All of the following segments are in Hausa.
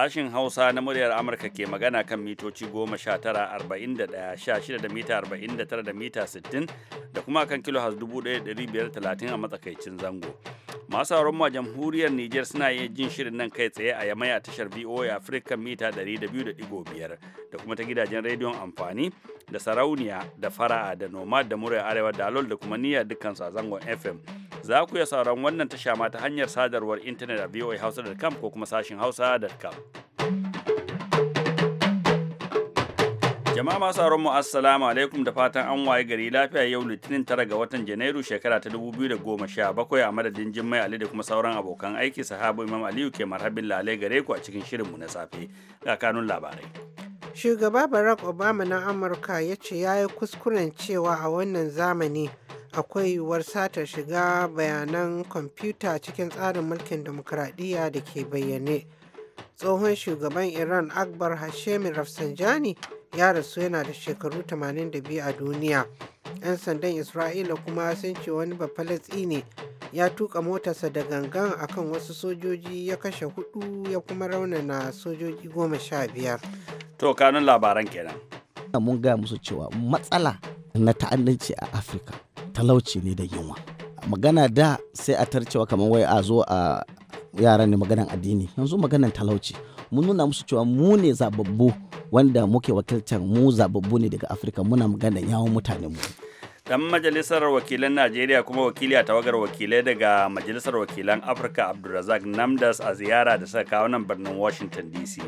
Sashin Hausa na muryar Amurka ke magana kan mitoci 19-41-16 da mita 49 da mita 60 da kuma kan kilo 1530 a matsakaicin zango. masu auren ma jamhuriyar Nijar suna iya jin shirin nan kai tsaye a yamai a tashar VOA Africa mita 200.5 da kuma ta gidajen rediyon amfani da sarauniya da fara'a da nomad da murya arewa da da kuma niyyar dukkan a zangon FM. Za ku iya sauran wannan tasha ma ta hanyar sadarwar intanet a voahausa.com ko kuma sashin hausa.com. Jama'a masu aron mu assalamu alaikum da fatan an waye gari lafiya yau litinin tara ga watan Janairu shekara ta 2017 a madadin Jimmai Ali da kuma sauran abokan aiki sahabu Imam Aliyu ke marhabin lalai gare ku a cikin shirinmu na safe ga kanun labarai. Shugaba Barack Obama na Amurka ya ce ya yi kuskuren cewa a wannan zamani akwai yiwuwar satar shiga bayanan kwamfuta cikin tsarin mulkin demokuraɗiyya da ke bayyane. Tsohon shugaban Iran Akbar Hashemi Rafsanjani ya rasu yana da shekaru 82 a duniya. 'Yan sandan Isra'ila kuma sun ce wani bafalatsi ne ya tuka motarsa da gangan akan wasu sojoji ya kashe hudu ya kuma raunana sojoji goma sha biyar. To kanun labaran kenan. Mun gaya musu cewa matsala na ta'addanci a Afirka talauci ne da yunwa. Magana da sai a tarcewa kamar wai a zo a yaran ne maganan addini yanzu maganan talauci. mun nuna musu cewa mu ne zababbu wanda muke wakiltar mu zababbu ne daga afirka muna magana yawon mutanen mu dan majalisar wakilan najeriya kuma wakili a tawagar wakilai daga majalisar wakilan afirka abdulrazak namdas a ziyara da saka kawo nan birnin washington dc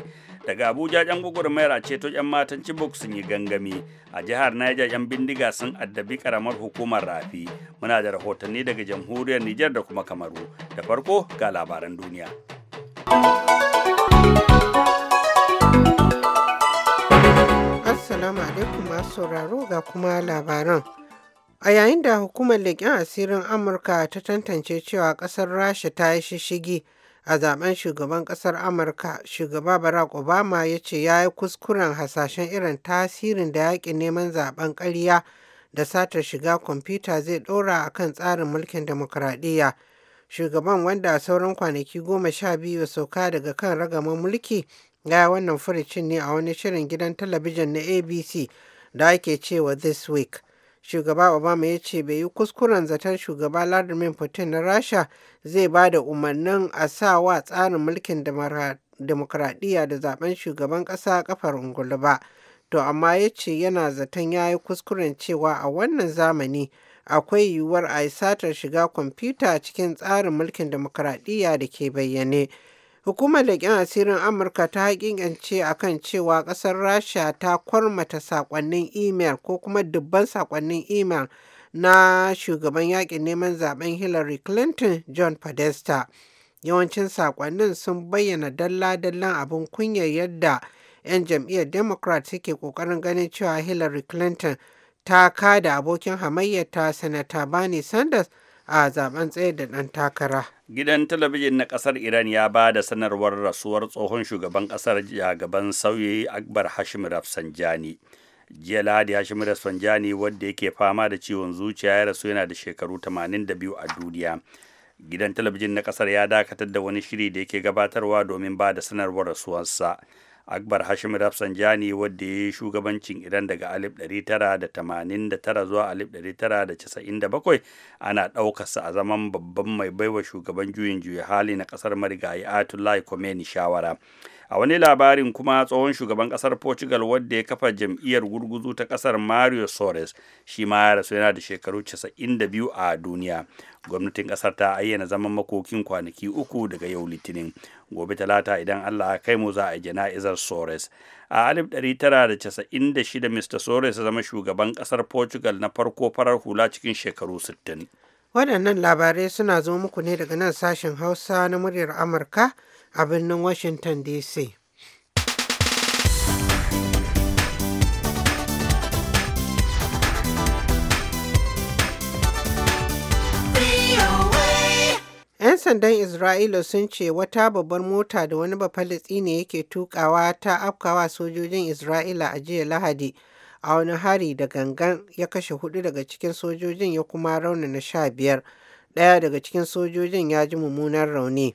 daga abuja yan gwagwarmayar a ceto yan matan chibok sun yi gangami a jihar niger yan bindiga sun addabi karamar hukumar rafi muna da rahotanni daga jamhuriyar niger da kuma kamaru da farko ga labaran duniya Assalamu alaikum masu sauraro ga kuma labaran. A yayin da hukumar leƙen asirin Amurka ta tantance cewa ƙasar Rasha ta yi shishigi a zaben shugaban ƙasar Amurka, shugaba Barack Obama ya ce ya yi kuskuren hasashen irin tasirin da yaƙin neman zaben ƙarya da satar shiga kwamfuta zai ɗora a kan tsarin mulkin demokuraɗiyya. Shugaban wanda sauran kwanaki goma sha biyu sauka daga kan ragaman mulki Ya wannan furicin ne a wani shirin gidan talabijin na ABC da ake cewa This Week. Shugaba Obama ya ce bai yi kuskuren zaton shugaba Vladimir Putin na Rasha zai ba da umarnin a sa wa tsarin mulkin demokradiyya da zaben shugaban kasa kafar ungulu ba. To amma ya ce yana zaton ya yi kuskuren cewa a wannan zamani akwai yiwuwar a satar shiga kwamfuta cikin tsarin mulkin demokradiyya da ke bayyane. Hukumar leƙen asirin Amurka ta haƙiƙance a kan cewa ƙasar Rasha ta kwarmata saƙonnin imel ko kuma dubban saƙonnin imel na shugaban yaƙin neman zaben Hillary Clinton John Podesta. Yawancin saƙonnin sun bayyana dalla-dallan abin kunyar yadda 'yan jam'iyyar Democrat suke ƙoƙarin ganin cewa Hillary Clinton ta kada abokin hamayyata Sanata Bernie Sanders a zaben tsaye da ɗan takara. Gidan talabijin na ƙasar Iran ya ba da sanarwar rasuwar tsohon shugaban ƙasar gaban sauyi Akbar Hashim Rafsanjani. Jiya Lahadi Hashim Rafsanjani wanda yake fama da ciwon zuciya ya rasu yana da shekaru 82 a duniya. Gidan talabijin na ƙasar ya dakatar da wani shiri da yake gabatarwa domin ba da sanarwar rasuwarsa. akbar hashim rafsanjani wadda ya yi shugabancin iran daga 1989 zuwa 1997 ana ɗaukarsa a zaman babban mai baiwa shugaban juyin juya hali na ƙasar marigayi atullahi khomeini shawara a wani labarin kuma tsohon shugaban kasar portugal wadda ya kafa jam'iyyar gurguzu ta kasar mario soares shi ma ya rasu yana da shekaru 92 a duniya gwamnatin kasar ta ayyana zaman makokin kwanaki uku daga yau litinin gobe talata idan allah ya kai mu za a jana'izar soares a 1996 mr soares ya zama shugaban kasar portugal na farko farar hula cikin shekaru 60 waɗannan labarai suna zo muku ne daga nan sashen hausa na muryar amurka a birnin Washington DC. ‘Yan sandan Isra'ila sun ce wata babbar mota da wani ne yake tukawa ta afkawa sojojin Isra'ila a jiya Lahadi a wani hari da gangan ya kashe hudu daga cikin sojojin ya kuma na sha biyar. Ɗaya daga cikin sojojin ya ji mummunan rauni.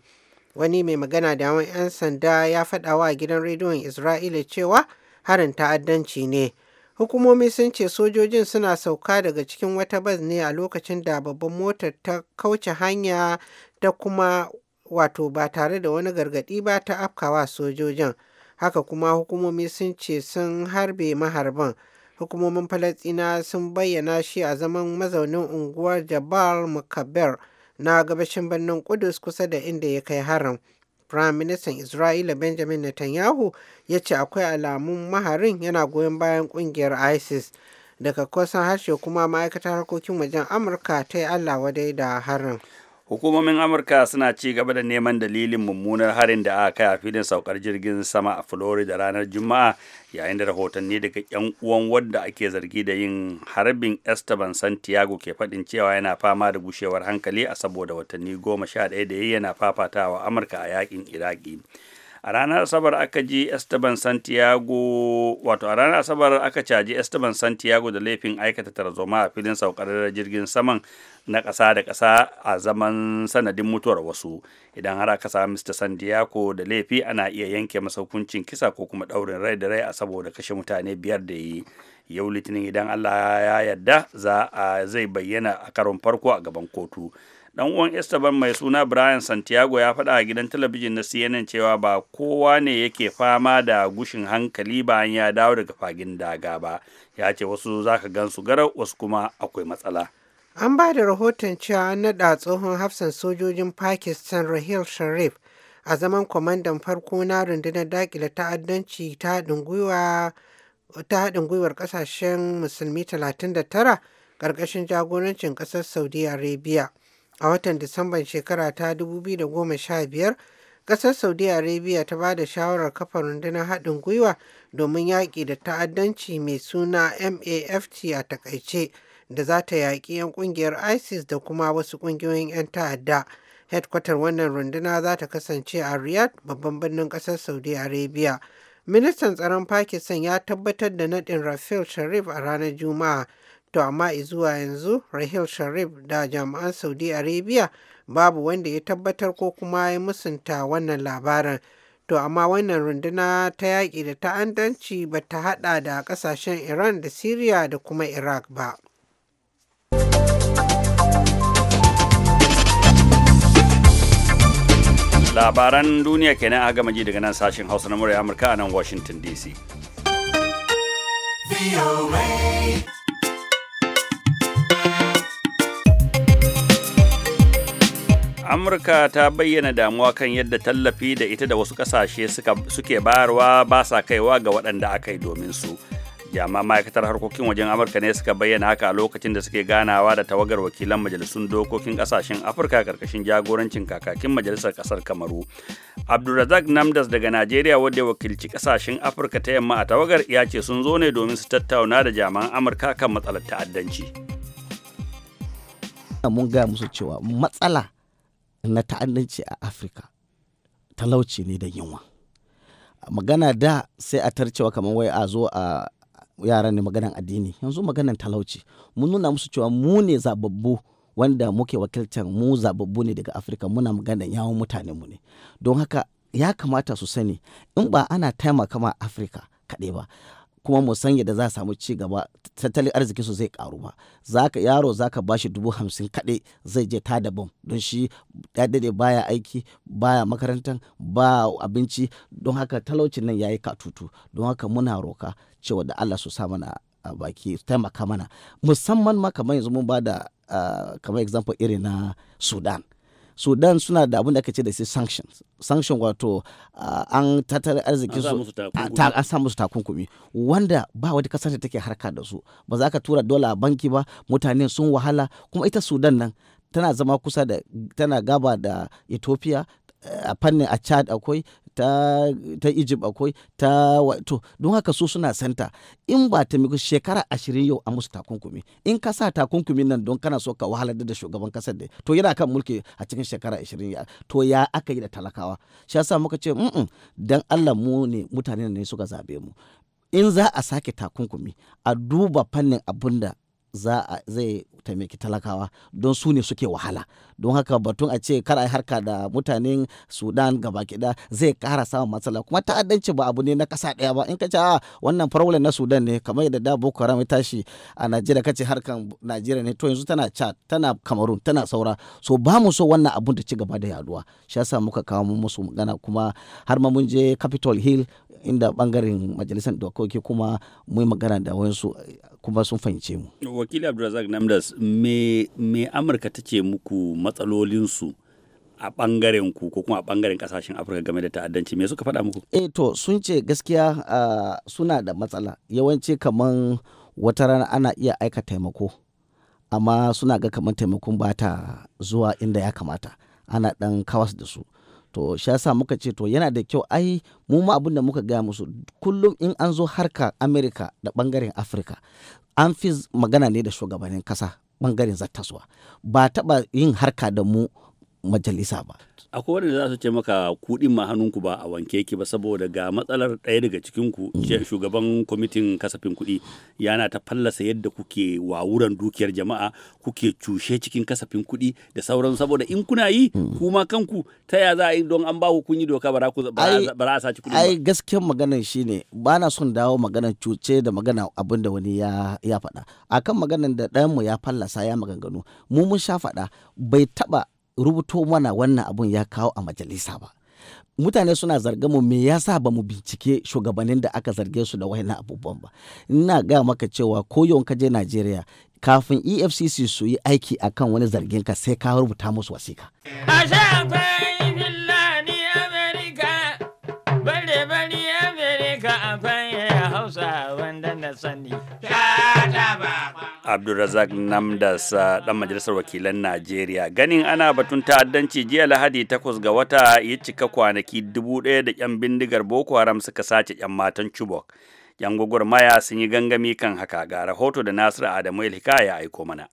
wani mai magana da yawan 'yan sanda ya faɗa wa gidan rediyon isra'ila cewa harin ta'addanci ne hukumomi sun ce sojojin suna sauka daga cikin wata bas ne a lokacin da babban motar ta kauce hanya ta kuma wato ba tare da wani gargaɗi ba ta afkawa sojojin haka kuma hukumomi sun ce sun harbe maharban hukumomin falastina sun bayyana shi a zaman mazaunin unguwar jabal mukaber na gabashin birnin Kudus kusa da inda ya kai harin. Prime Minister Isra'ila Benjamin Netanyahu ya ce akwai alamun maharin yana goyon bayan kungiyar ISIS. Daga kusan harshe kuma ma'aikatar harkokin wajen Amurka ta yi Allah wadai da harin. hukumomin amurka suna ci gaba da neman dalilin mummunar harin da aka kai a filin saukar jirgin sama a florida ranar juma'a yayin da rahotanni daga yan uwan wadda ake zargi da yin harbin esteban santiago ke faɗin cewa yana fama da gushewar hankali a saboda watanni goma sha ɗaya da yayi yana fafatawa amurka a yakin iraki a ranar asabar aka ji esteban santiago wato a ranar asabar aka caji esteban santiago da laifin aikata tarzoma a filin saukar jirgin saman na ƙasa da ƙasa a zaman sanadin mutuwar wasu idan har aka sa mr santiago da laifi ana iya yanke masa hukuncin kisa ko kuma ɗaurin rai da rai a saboda kashe mutane biyar da yi yau litinin idan allah ya yarda za a zai bayyana a karon farko a gaban kotu dan uwan esteban mai suna brian santiago ya faɗa a gidan talabijin na cnn cewa ba kowa ne yake fama da gushin hankali bayan ya dawo daga fagin daga ba ya ce wasu zaka gansu garau wasu kuma akwai matsala an ba da rahoton cewa an naɗa tsohon hafsan sojojin pakistan rahil sharif a zaman kwamandan farko na rundunar dakile ta'addanci ta haɗin ta haɗin gwiwar ƙasashen musulmi 39 ƙarƙashin jagorancin ƙasar saudi arabia A watan Disamban shekara ta 2015, ƙasar Saudi Arabia ta ba da shawarar kafa rundunar haɗin gwiwa domin yaƙi da ta'addanci mai suna MAFT a takaice da za ta yaƙi 'yan ƙungiyar ISIS da kuma wasu ƙungiyoyin 'yan ta'adda. Headkwatar wannan runduna za ta kasance a Riyadh babban birnin ƙasar Saudi Arabia. Ministan tsaron Pakistan ya tabbatar da naɗin Rafil Sharif a ranar Juma'a To amma izuwa yanzu Rahil Sharif da jami'an Saudi Arabia babu wanda ya tabbatar ko kuma ya musunta wannan labarin. To amma wannan runduna ta yaƙi da ta'andanci ba ta haɗa da ƙasashen Iran da Siriya da kuma Iraq ba. Labaran duniya kenan a gama ji daga nan sashen Hausa na murya Amurka a nan Washington DC. amurka ta bayyana damuwa kan yadda tallafi da ita da wasu kasashe suke bayarwa ba sa kaiwa ga waɗanda aka yi domin su jami'an ma'aikatar harkokin wajen amurka ne suka bayyana haka a lokacin da suke ganawa da tawagar wakilan majalisun dokokin ƙasashen afirka karkashin jagorancin kakakin majalisar ƙasar kamaru abdulrazak namdas daga najeriya wadda wakilci ƙasashen afirka ta yamma a tawagar ya ce sun zo ne domin su tattauna da jami'an amurka kan matsalar ta'addanci mun gaya musu cewa matsala na ta'addanci a afirka talauci ne da yunwa magana da sai a tarcewa kamar wai a zo a yaran ne maganan addini yanzu maganan talauci mun nuna musu cewa mu ne zababbu wanda muke wakiltar mu zababbu ne daga afirka muna maganan yawon mutane mu ne don haka ya kamata su sani in ba ana taimaka ma afirka kaɗai ba kuma mu san yadda za a samu ci gaba tattalin arziki su zai karu ba zaka yaro zaka bashi dubu hamsin kaɗai zai je ta da don shi ya daɗe baya aiki baya makarantar ba abinci don haka talaucin nan yayi katutu don haka muna roka cewa da Allah su sa mana a baki taimaka mana musamman ma kamar yanzu mun ba da ah, kamar example irin na Sudan sudan suna da abin da aka ce da su sanction sanction wato uh, an tattalin arziki su an sa musu takunkumi wanda ba wata kasar da take harka da su ba za ka tura dola a banki ba mutane sun wahala kuma ita sudan nan tana zama kusa da tana gaba da ethiopia a fannin a chad akwai ta, ta egypt akwai ta wato don haka su suna santa in ba ta miku shekara ashirin yau a musu takunkumi in ka sa takunkumi nan don kana so ka wahalar da shugaban kasar da to yana kan mulki a cikin shekara ashirin ya to ya aka yi da talakawa shi yasa muka ce mm dan allah mu ne mutane ne suka zabe mu in za a sake takunkumi a duba fannin abun da za a zai taimaki talakawa don su ne suke wahala don haka batun a ce kar a harka da mutanen sudan gaba da zai kara samun matsala kuma ta'addanci ba abu ne na kasa daya ba in ka ce a ah, wannan problem na sudan ne kamar yadda da boko haram ya tashi a najeriya kace harkan najeriya ne to yanzu tana chad tana cameroon tana saura so ba mu so wannan abun ta ci gaba da yaduwa shi yasa muka kawo musu magana kuma har ma mun je capitol hill inda bangaren majalisar dokoki kuma mai magana da wayansu kuma sun fahimce mu wakili abdulrazak namdas me amurka ta ce muku matsalolinsu a bangaren ku ko kuma a bangaren kasashen afirka game da ta'addanci me suka faɗa muku eh to sun ce gaskiya suna da matsala yawanci kamar wata rana ana iya aika taimako amma suna ga kamar taimakon ba ta zuwa inda ya kamata ana ɗan kawas da su to shi yasa muka ce to yana da kyau ai mu ma abin da muka gaya musu kullum in an zo harka amerika da bangaren afirka an fi magana ne da shugabannin kasa bangaren zattaswa ba taba yin harka da mu majalisa ba akwai waɗanda za su ce maka kuɗin ma hannunku ba a wanke ki ba saboda ga matsalar ɗaya daga cikinku mm. shugaban kwamitin kasafin kuɗi yana ta fallasa yadda kuke wawuran dukiyar jama'a kuke cushe cikin kasafin kuɗi da sauran saboda in kuna yi mm. kuma kanku ta ya za a yi don an ba ku kunyi doka ba za a saci kuɗi ba. ai gaskiyar maganar ne ba na son dawo maganar cuce da magana abin da wani ya ya faɗa akan maganar da ɗayanmu ya fallasa ya maganganu mu mun sha faɗa bai taɓa rubuto mana wannan abun ya kawo a majalisa ba mutane suna zargin mu me yasa ba mu bincike shugabannin da aka zarge su da wayannan abubuwan ba ina ga maka cewa ko yau ka je Najeriya kafin EFCC su yi aiki akan wani zargin ka sai ka rubuta musu wasika Hausa wanda na sani. abdulrazak namdas dan majalisar wakilan najeriya ganin ana batun ta'addanci jiya lahadi takwas ga wata ya cika kwanaki dubu ɗaya da yan bindigar boko haram suka sace yan matan chibok yan gwagwarmaya sun yi gangami kan haka ga rahoto da nasiru adamu ilhika ya aiko mana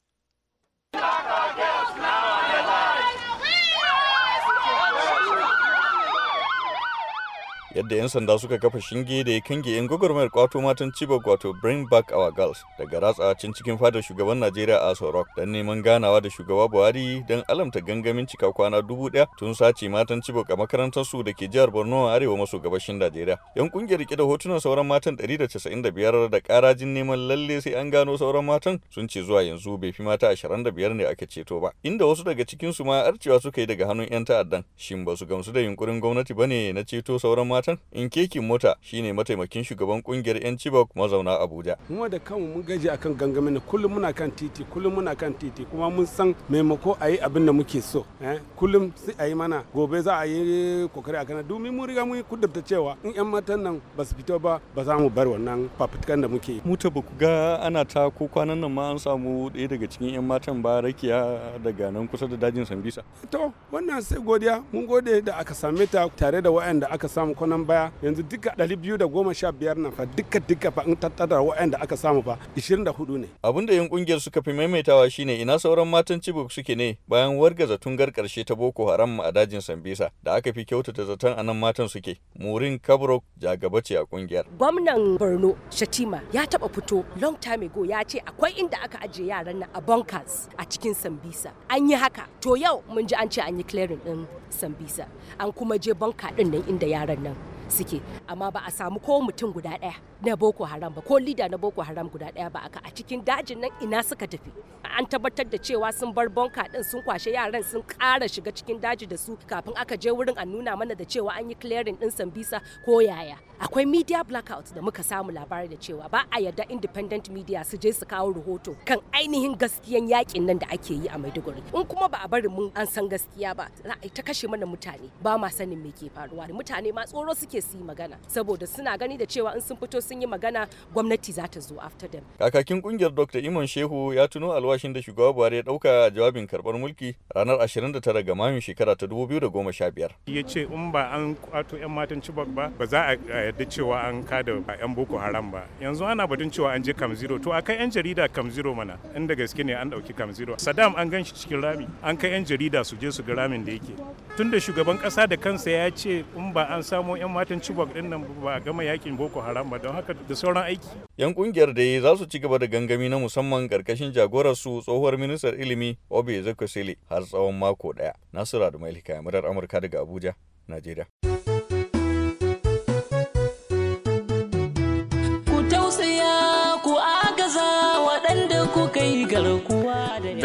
yadda 'yan sanda suka kafa shinge da ya kange 'yan gwagwarmayar kwato matan Chibok wato Bring Back Our Girls daga ratsa cin cikin fadar shugaban Najeriya a Sorok don neman ganawa da shugaba Buhari don alamta gangamin cika kwana dubu daya tun sace matan Chibok a makarantar su da ke jihar Borno a arewa maso gabashin Najeriya. 'Yan kungiyar rike da hotunan sauran matan ɗari da karajin neman lalle sai an gano sauran matan sun ce zuwa yanzu bai fi mata 25 ne aka ceto ba. Inda wasu daga cikinsu ma arcewa suka yi daga hannun 'yan ta'addan. Shin ba su gamsu da yunkurin gwamnati ba ne na ceto sauran matan in kekin mota shine mataimakin shugaban kungiyar yan chibok mazauna abuja kuma da kanmu mun gaji akan gangamin kullum muna kan titi kullum muna kan titi kuma mun san maimako a yi abin da muke so eh? kullum sai a yi mana gobe za a yi kokari akan domin mun riga mun kudurta cewa in yan matan nan ba su fito ba ba za mu bar wannan fafutukan da muke mu ta ga ana ta ko kwanan nan ma an samu ɗaya daga cikin yan matan ba rakiya daga nan kusa da dajin sambisa to wannan sai godiya mun gode da aka same ta tare da waɗanda aka samu kwana nan baya yanzu duka 215 nan fa duka duka fa in tattara waɗanda aka samu fa 24 ne abinda yan kungiyar suka fi maimaitawa shine ina sauran matan Chibok suke ne bayan wargaza tungar karshe ta Boko Haram a dajin Sambisa da aka fi kyautata zaton a nan matan suke Murin Kabrok jagaba ce a kungiyar gwamnan Borno Shatima ya taba fito long time ago ya ce akwai inda aka ajiye yaran nan a bunkers a cikin Sambisa an yi haka to yau mun ji an ce an yi clearing din Sambisa an kuma je banka din nan inda yaran nan suke amma ba a samu ko mutum guda ɗaya na boko haram ba ko lida na boko haram guda ɗaya ba aka a cikin dajin nan ina suka tafi an tabbatar da cewa sun bar bonka ɗin sun kwashe yaran sun ƙara shiga cikin daji da su kafin aka je wurin an nuna mana da cewa an yi clearing din bisa ko yaya akwai media blackout da muka samu labari da cewa ba a yarda independent media su je su kawo rahoto kan ainihin gaskiyan yakin nan da ake yi a maiduguri in kuma ba a bari mun an san gaskiya ba za a ta kashe mana mutane ba ma sanin me ke faruwa mutane ma tsoro suke suke su yi magana saboda suna gani da cewa in sun fito sun yi magana gwamnati za ta zo after them kakakin kungiyar dr iman shehu ya tuno alwashin da shugaba buhari ya dauka a jawabin karbar mulki ranar 29 ga mayun shekara ta 2015 ya ce in ba an kwato yan matan cibok ba ba za a yarda cewa an kada yan boko haram ba yanzu ana batun cewa an je kam zero to akai yan jarida kam zero mana inda gaske ne an dauki kam zero sadam an gan shi cikin rami an kai yan jarida su je su ga ramin da yake tunda shugaban kasa da kansa ya ce in ba an samo yan fatan Chibok din nan ba gama yakin Boko Haram ba don haka da sauran aiki. Yan kungiyar da za su ci gaba da gangami na musamman karkashin jagorar su tsohuwar ministar ilimi Obi Ezekwesili har tsawon mako daya. Nasira da Mailika Murar Amurka daga Abuja, Najeriya.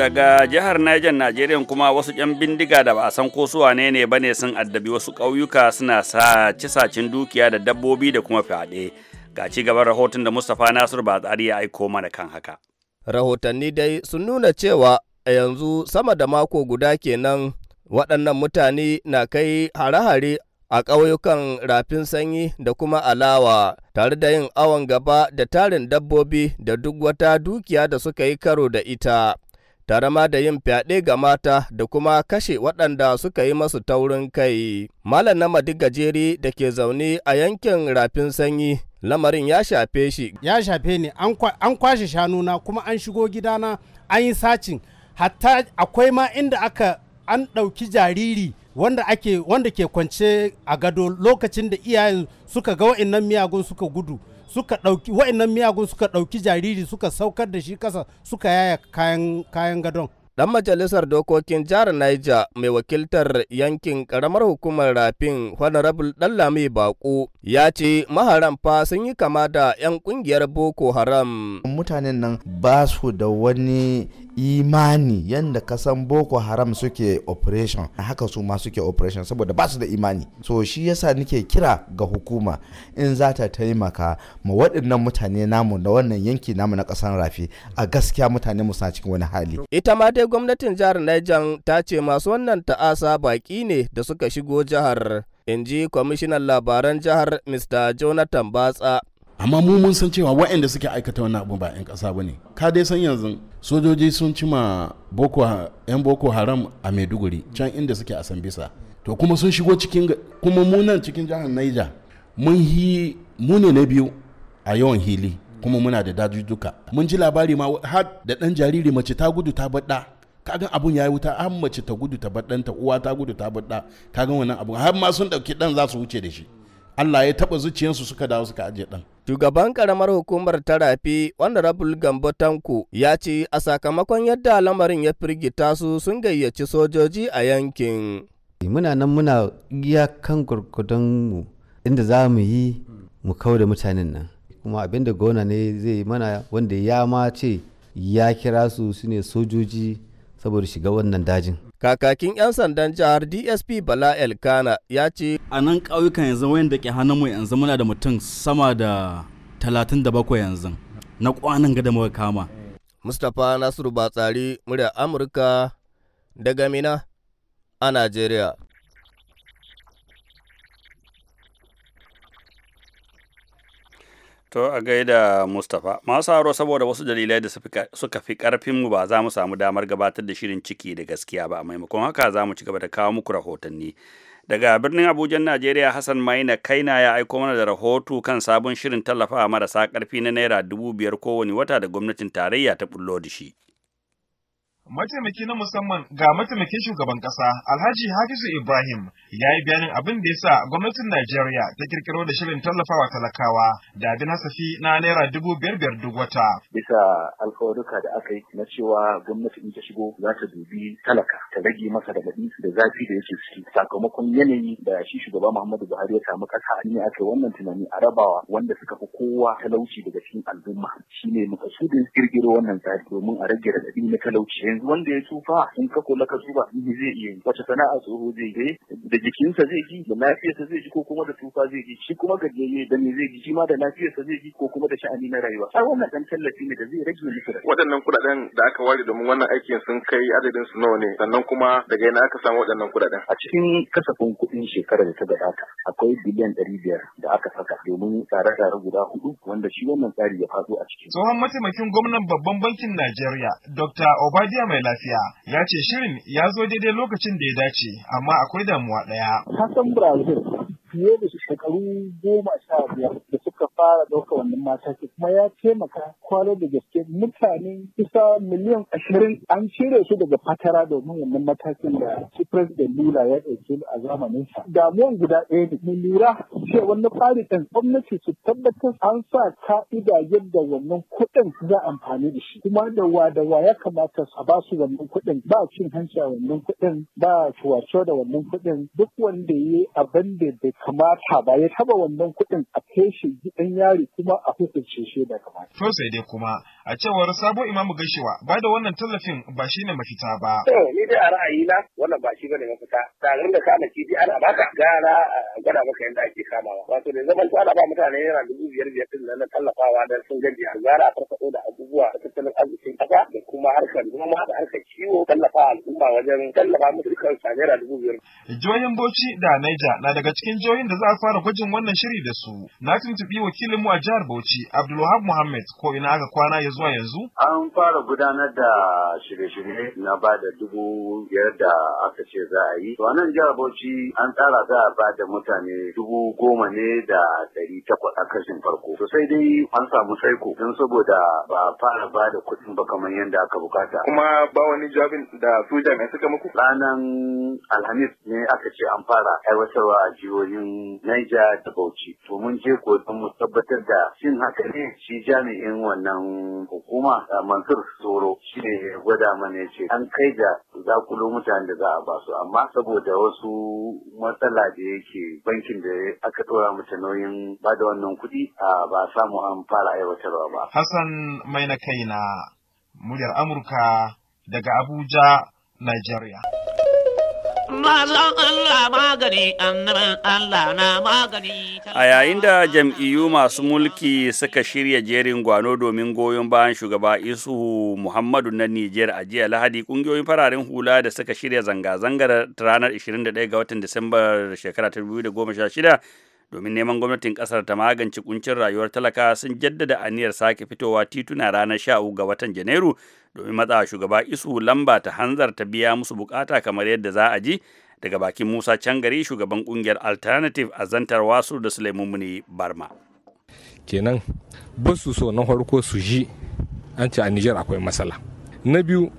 daga jihar Niger Najeriya kuma wasu 'yan bindiga da ba a san ko su wane ne bane sun addabi wasu ƙauyuka suna sace sacin dukiya da dabbobi da kuma fyaɗe. Ga ci gaban rahoton da Mustapha Nasiru tsari ya aiko mana kan haka. Rahotanni dai sun nuna cewa a yanzu sama da mako guda kenan waɗannan mutane na kai hare-hare a ƙauyukan rafin sanyi da kuma alawa tare da yin awon gaba da tarin dabbobi da duk wata dukiya da suka yi karo da ita tare ma da yin fyaɗe ga mata da kuma kashe waɗanda suka yi masu taurin kai. Malam na Gajeri da ke zaune a yankin rafin sanyi lamarin ya shafe shi. Ya shafe ne an kwashe shanuna kuma an shigo gidana an yi sacin hatta akwai ma inda aka an ɗauki jariri wanda ake wanda ke kwance a gado lokacin da iyayen suka ga wa'innan miyagun suka gudu suka ɗauki wa'annan miyagun suka ɗauki jariri suka saukar da shi kasa suka yaya kayan, kayan gadon Dan majalisar dokokin jihar Niger mai wakiltar yankin karamar hukumar rafin Honorable Dallami Bako ya ce maharan fa sun yi kama da 'yan kungiyar Boko Haram. Mutanen nan ba su da wani imani yadda ka san boko haram suke operation haka su ma suke operation saboda ba su da imani so shi yasa nake kira ga hukuma in za ta taimaka ma waɗannan mutane namu da wannan yanki namu na ƙasar rafi a gaskiya mutane mu suna cikin wani hali ita ma dai gwamnatin jihar Niger ta ce masu wannan ta'asa baƙi ne da suka shigo jihar in ji kwamishinan labaran jihar Mr. Jonathan Batsa amma mu mun san cewa waɗanda suke aikata wannan abu ba 'yan ƙasa ba ne ka dai san yanzu sojoji sun cima boko 'yan boko haram a maiduguri can inda suke a sambisa to kuma sun shigo cikin kuma mu nan cikin jihar naija mun hi mu na biyu a yawan hili kuma muna da daji duka mun ji labari ma har da ɗan jariri mace ta gudu ta baɗa kagan abun ya yi wuta har mace ta gudu ta baɗanta uwa ta gudu ta baɗa kagan wannan abun har ma sun ɗauki ɗan za su wuce da shi Allah ya taɓa zuciyarsu suka dawo suka ajiye ɗan. Shugaban karamar hukumar tarafi wanda Gambo Tanko ya ce a sakamakon yadda lamarin ya firgita su sun gayyaci sojoji a yankin. Muna nan muna kan gwargwadonmu inda za mu yi mu kau da mutanen nan. Kuma abinda gona ne zai mana wanda ya ma ce ya kira su su ne sojoji saboda shiga wannan dajin kakakin 'yan sandan jihar dsp bala elkana ya ce a nan ƙauyukan yanzu wayanda ke mu yanzu muna da mutum sama da 37 yanzu na kwanan gada kama mustapha nasiru batsari murya amurka daga mina a najeriya To a gaida Mustapha, masu haro saboda wasu dalilai da suka fi mu ba za mu samu damar gabatar da shirin ciki da gaskiya ba, a maimakon haka za mu ci gaba da kawo muku rahotanni. Daga birnin Abuja, Najeriya, Hassan Maina Kaina ya aiko mana da rahoto kan sabon shirin tallafawa marasa karfi na Naira dubu biyar kowane wata da gwamnatin tarayya ta bullo da shi. mataimaki na musamman ga mataimakin shugaban kasa alhaji hafizu ibrahim ya yi bayanin abin da ya sa gwamnatin najeriya ta kirkiro da shirin tallafawa talakawa da abin hasafi na naira dubu biyar biyar duk wata bisa alkawarruka da aka yi na cewa gwamnati in ta shigo za ta dubi talaka ta rage masa da su da zafi da yake ciki sakamakon yanayi da shi shugaba Muhammadu Buhari ya samu ƙasa ne aka wannan tunani a rabawa wanda suka fi kowa talauci daga cikin al'umma shine makasudin kirkiro wannan tsari domin a rage radadi na talauci yanzu wanda ya tsufa in ka kula ka tsufa ni zai iya yi wace sana'a tsoho zai yi da jikinsa zai ji da lafiyarsa zai ji ko kuma da tsufa zai ji shi kuma gajiyayye da me zai ji shi ma da lafiyarsa zai ji ko kuma da sha'ani na rayuwa ai wannan dan tallafi ne da zai rage musu waɗannan kuɗaɗen da aka ware domin wannan aikin sun kai adadin su nawa ne sannan sannan kuma daga yana aka samu waɗannan kuɗaɗen. A cikin kasafin kuɗin shekarar da ta gabata akwai biliyan ɗari biyar da aka saka domin tsare-tsare guda hudu wanda shi wannan tsari ya faso a ciki. Tsohon mataimakin gwamnan babban bankin Najeriya Dr. Obadiya Mai Lafiya ya ce shirin ya zo daidai lokacin da ya dace amma akwai damuwa ɗaya. san Brazil fiye da shekaru goma sha biyar da suka fara ɗauka wannan mataki kuma ya taimaka kwalo da gaske mutane kusa miliyan ashirin an cire su daga fatara domin wannan matakin da shi president lula ya ɗauke a zamanin sa damuwan guda ɗaya ne mu lura cewa wani tsari ɗin gwamnati su tabbatar an sa ka'ida yadda wannan kuɗin za amfani da shi kuma da wa da wa ya kamata a ba su wannan kuɗin ba cin hanci a wannan kuɗin ba cuwacewa da wannan kuɗin duk wanda ya yi abin da kamata ba ya taba wannan kuɗin a kai gidan yari kuma a hukunce shi da kamata. To sai dai kuma a cewar sabo imamu gaishewa ba da wannan tallafin ba shi ne mafita ba. Ni dai a na wannan ba shi ba ne mafita. Tare da kana kifi ana baka gara gwada maka yadda ake kamawa. Wato da zaman ana ba mutane yana dubu biyar biyar din na tallafawa da sun gaji a gara a farfaɗo da abubuwa a tattalin arzikin ƙasa da kuma harkar noma da harkar kiwo tallafa al'umma wajen tallafa musu dukkan sa naira dubu biyar. Jihohin Bauchi da Niger na daga cikin ƙungiyoyin da za a fara gwajin wannan shiri da su na tuntuɓi wakilinmu a jihar Bauchi Abdulwahab muhammed ko ina aka kwana ya zuwa yanzu an fara gudanar da shirye-shirye na ba da dubu biyar da aka ce za a yi to nan jihar Bauchi an tsara za a ba da mutane dubu goma ne da ɗari takwas a kashin farko to sai dai an samu saiko don saboda ba a fara ba da kuɗin ba kamar yadda aka bukata kuma ba wani jabin da su jami'ai suka muku ranar alhamis ne aka ce an fara aiwatarwa a jihohin jami'in Niger da Bauchi. To mun je kotun mu tabbatar da shin haka ne shi jami'in wannan hukuma Mansur Soro shi ne gwada mana ce an kai da zakulo mutane da za a ba su amma saboda wasu matsala da yake bankin da aka ɗora mata nauyin ba da wannan kuɗi ba samu an fara aiwatarwa ba. Hassan mai na kaina muryar Amurka daga Abuja, Nigeria. A yayin da jam'iyyu masu mulki suka shirya jerin gwano domin goyon bayan shugaba Isuhu Muhammadu na Nijar a jiya Lahadi, ƙungiyoyin fararen hula da suka shirya zanga-zangar ranar 21 ga watan Disambar shekara 2016 domin neman gwamnatin ƙasar ta magance kuncin rayuwar talaka sun jaddada aniyar sake fitowa tituna ranar 13 ga watan Janairu domin matsa shugaba isu lamba ta hanzar ta biya musu bukata kamar yadda za a ji daga bakin musa cangari shugaban kungiyar alternative a zantar wasu da suleiman muni barma kenan ba su so na farko su ji an ce a nijar akwai matsala na biyu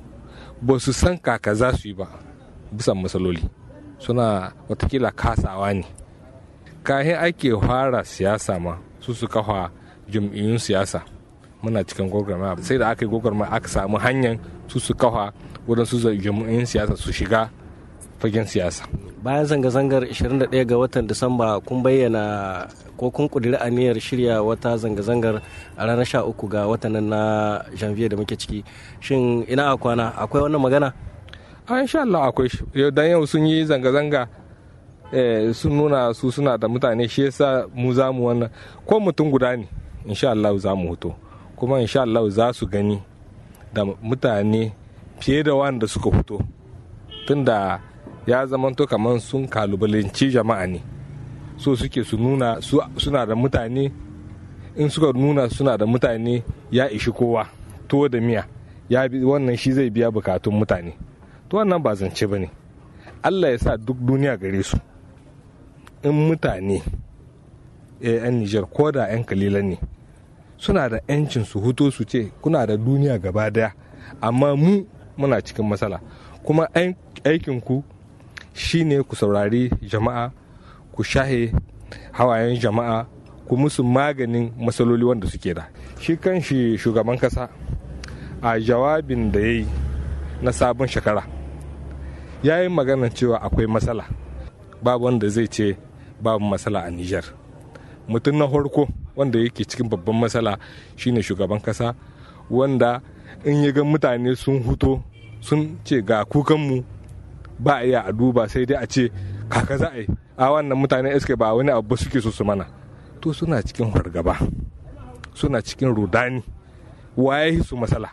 ba su san kaka za su yi ba bisan matsaloli suna watakila kasawa ne kahin ake fara siyasa ma su su kafa jam'iyyun siyasa muna cikin gwagwarmaya sai da aka yi gwagwarmaya aka samu hanyar su su kawa wurin su jami'in siyasa su shiga fagen siyasa bayan zanga-zangar 21 ga watan disamba kun bayyana ko kun kudiri aniyar shirya wata zanga-zangar a ranar 13 ga watan na janvier da muke ciki shin ina a kwana akwai wannan magana a ah, insha Allah akwai shi dan yau sun yi zanga-zanga eh, sun nuna su suna da mutane shi yasa mu zamu wannan ko mutum guda ne insha Allah za mu hoto kuma insha Allah za su gani da mutane fiye da wanda suka fito tunda ya zamanto kamar sun kalubalenci jama'a ne so suke su nuna suna da mutane in suka nuna suna da mutane ya ishi kowa tuwo da miya ya bi wannan shi zai biya bukatun mutane to wannan ba zance ba ne allah ya sa duk duniya gare su in mutane eh, 'yan nijar ko da 'yan kalilan ne suna da 'yancin su huto su ce kuna da duniya gaba daya amma mu muna cikin matsala kuma aikin ku shine ku saurari jama'a ku shahe hawayen jama'a ku musu maganin matsaloli wanda suke da shi kan shi shugaban kasa a jawabin da ya yi na sabon shekara ya yi magana cewa akwai matsala babu wanda zai ce babu matsala a nijar mutum na farko wanda yake cikin babban matsala shine shugaban kasa wanda in ya ga mutane sun huto sun ce ga kukanmu ba a iya a duba sai dai a ce kaka za a yi a wannan mutane iske ba wani abu suke so su mana to suna cikin hargaba suna cikin rudani waye su matsala.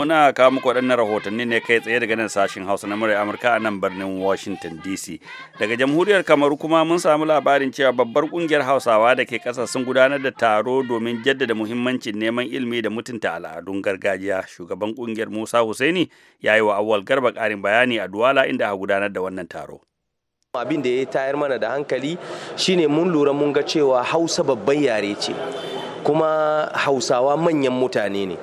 muna kawo muku waɗannan rahotanni ne kai tsaye daga nan sashen hausa na murai amurka a nan birnin washington dc daga jamhuriyar kamaru kuma mun samu labarin cewa babbar kungiyar hausawa da ke ƙasa sun gudanar da taro domin jaddada muhimmancin neman ilimi da mutunta al'adun gargajiya shugaban kungiyar musa hussaini ya yi wa awwal garba ƙarin bayani a duwala inda aka gudanar da wannan taro abin da ya tayar mana da hankali shine mun lura mun ga cewa hausa babban yare ce kuma hausawa manyan mutane ne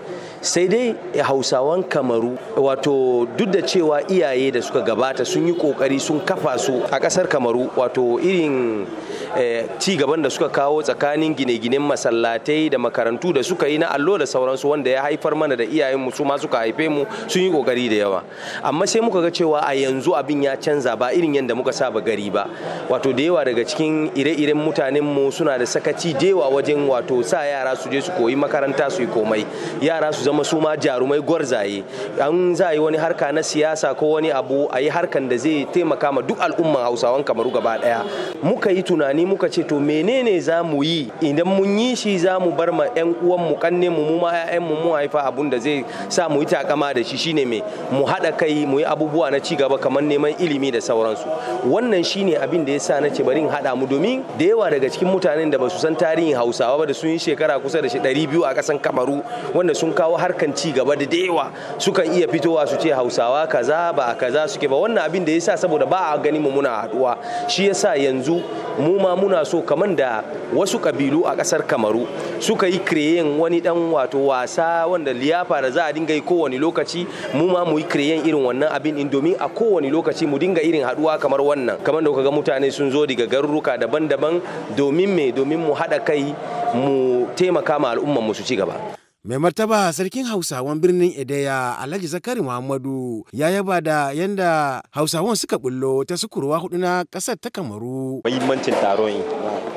sai dai hausawan kamaru wato duk da cewa iyaye da suka gabata sun yi kokari sun kafa su a kasar kamaru wato irin eh, ci gaban da suka kawo tsakanin gine-ginen masallatai da makarantu da suka yi na allo da sauransu wanda ya haifar mana da iyayen su ma suka haife mu sun yi kokari da yawa amma sai muka ga cewa a yanzu abin ya canza ba irin yadda muka saba gari ba wato da yawa daga cikin ire-iren mutanen mu suna da sakaci da yawa wajen wato sa yara su je su koyi makaranta su yi komai yara su zama kuma su ma jarumai gwarzaye an za yi wani harka na siyasa ko wani abu a yi harkan da zai taimaka ma duk al'umman hausawan kamaru gaba daya muka yi tunani muka ce to menene za mu yi idan mun yi shi za mu bar ma yan uwan mu kanne mu ma yayan mu mu haifa abun da zai sa mu yi takama da shi shine me mu hada kai mu yi abubuwa na ci gaba kamar neman ilimi da sauransu wannan shine abin da ya sa na ce bari in hada mu domin da yawa daga cikin mutanen da ba su san tarihin hausawa ba da sun yi shekara kusa da shi 200 a kasan kamaru wanda sun kawo harkan ci gaba da dewa sukan iya fitowa su ce hausawa kaza ba a kaza suke ba wannan abin da yasa saboda ba a gani mu muna haduwa shi yasa yanzu mu ma muna so kaman da wasu kabilu a kasar kamaru suka yi kireyen wani dan wato wasa wanda liyafa da za a dinga yi kowane lokaci mu ma mu yi kireyen irin wannan abin in domin a kowane lokaci mu dinga irin haduwa kamar wannan kamar da kuka mutane sun zo daga garuruka daban-daban domin me domin mu haɗa kai mu taimaka ma al'umman mu su ci gaba Mai martaba sarkin Hausawan birnin Edeya Alhaji Zakari Muhammadu ya yaba da yanda Hausawan suka bullo ta sukurwa hudu na kasar ta Kamaru. mahimmancin taron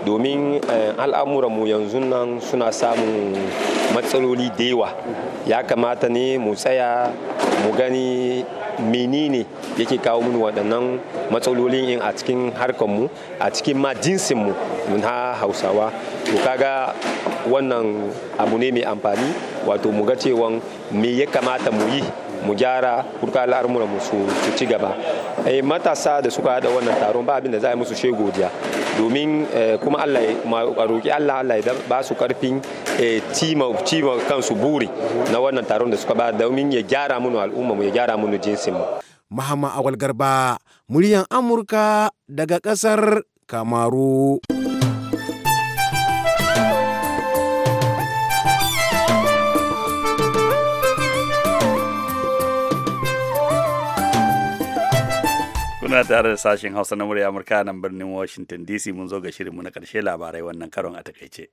domin eh, al'amuranmu yanzu nan suna samun matsaloli da yawa. Ya kamata ne mu tsaya mu gani menene yake kawo mini waɗannan matsalolin in a cikin mu a cikin ma jinsinmu na hausawa to kaga wannan abu ne mai amfani wato mu ga cewa me ya kamata mu yi mu gyara kurka al'armura mu su ci gaba eh, matasa da suka hada wannan taron ba abin da za a musu she godiya domin eh, kuma Allah ya roki Allah Allah ya ba su karfin eh, cima kansu buri na wannan taron da suka ba domin ya gyara mu al'umma mu ya gyara mu jinsin mu Muhammad Awal Garba muryan Amurka daga ƙasar Kamaru. Kuna tare da sashen Hausa na murya Amurka nan birnin Washington DC mun zo ga shirinmu na karshe labarai wannan karon a takaice.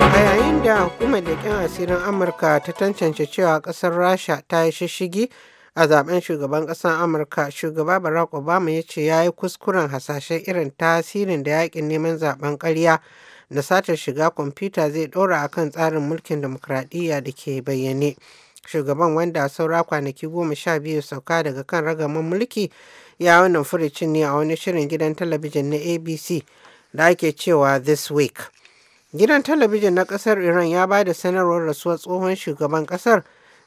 A yayin da hukumar leƙen asirin Amurka ta tantance cewa ƙasar Rasha ta yi shishigi a zaben shugaban ƙasar Amurka, shugaba Barack Obama ya ce ya yi kuskuren hasashen irin tasirin da yakin neman zaben karya na satar shiga kwamfuta zai ɗora akan tsarin mulkin demokradiyya da ke bayyane. shugaban wanda saura kwanaki goma sha biyu sauka daga kan ragaman mulki ya wannan furicin ne a wani shirin gidan talabijin na abc da ake cewa this week gidan talabijin na kasar iran ya ba da sanarwar rasuwar tsohon shugaban kasar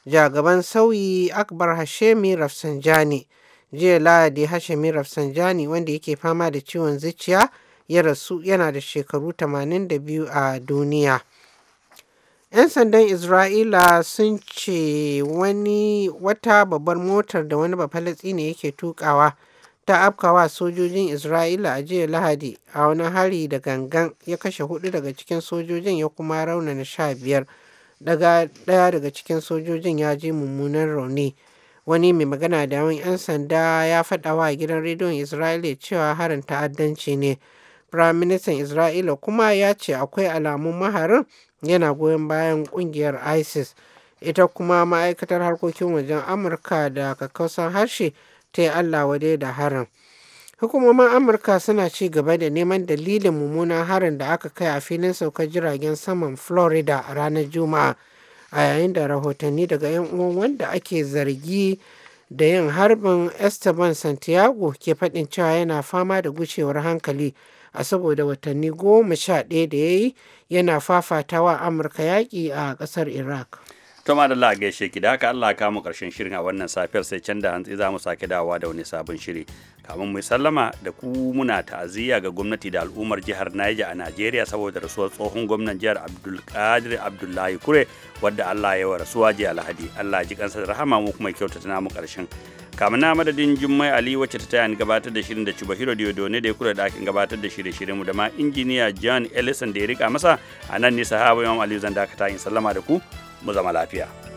jagaban sauyi akbar hashemi rafsanjani jiya lahadi hashemi rafsanjani wanda yake fama da ciwon zuciya ya rasu yana da shekaru 82 a duniya. ‘Yan sandan Isra'ila sun ce wani wata babbar motar da wani ne yake tukawa. ta afkawa sojojin Isra'ila a jiya Lahadi a wani hari da gangan ya kashe hudu daga cikin sojojin ya kuma raunana sha biyar. Daga Ɗaya daga cikin sojojin ya ji mummunan rauni. Wani mai magana da yawan 'yan sanda ya faɗa wa gidan rediyon Isra'ila cewa harin ta'addanci ne. Firaministan Isra'ila kuma ya ce akwai alamun maharin yana goyon bayan ƙungiyar isis ita kuma ma'aikatar harkokin wajen amurka da kakkausan harshe ta yi allah wadai da harin hukumomin amurka suna ci gaba da neman dalilin mummunan harin da aka kai a filin saukar jiragen saman florida a ranar juma'a a yayin da rahotanni daga 'yan uwan wanda ake zargi da yin harbin esteban santiago ke faɗin cewa yana fama da gucewar hankali a saboda watanni goma sha ɗaya da ya yi yana fafatawa amurka yaƙi a ƙasar iraq tuma da Allah gaishe ki da haka Allah ka mu karshen shirin a wannan safiyar sai can da hantsi za mu sake dawowa da wani sabon shiri kamun mu sallama da ku muna ta'aziyya ga gwamnati da al'ummar jihar Niger a Najeriya saboda rasuwar tsohon gwamnan jihar Abdulkadir Abdullahi Kure wadda Allah ya wa rasuwa jiya Alhadi Allah ji kansa da rahama mu kuma kyautata namu karshen na madadin jummai ali wacce ta taya ni gabatar da shirin da cuba hiro ne da ya kula da ake gabatar da shirye shirye mu da ma injiniya john ellison da ya rika masa a nan ne sahaba imam aliyu zan dakata in sallama da ku mu zama lafiya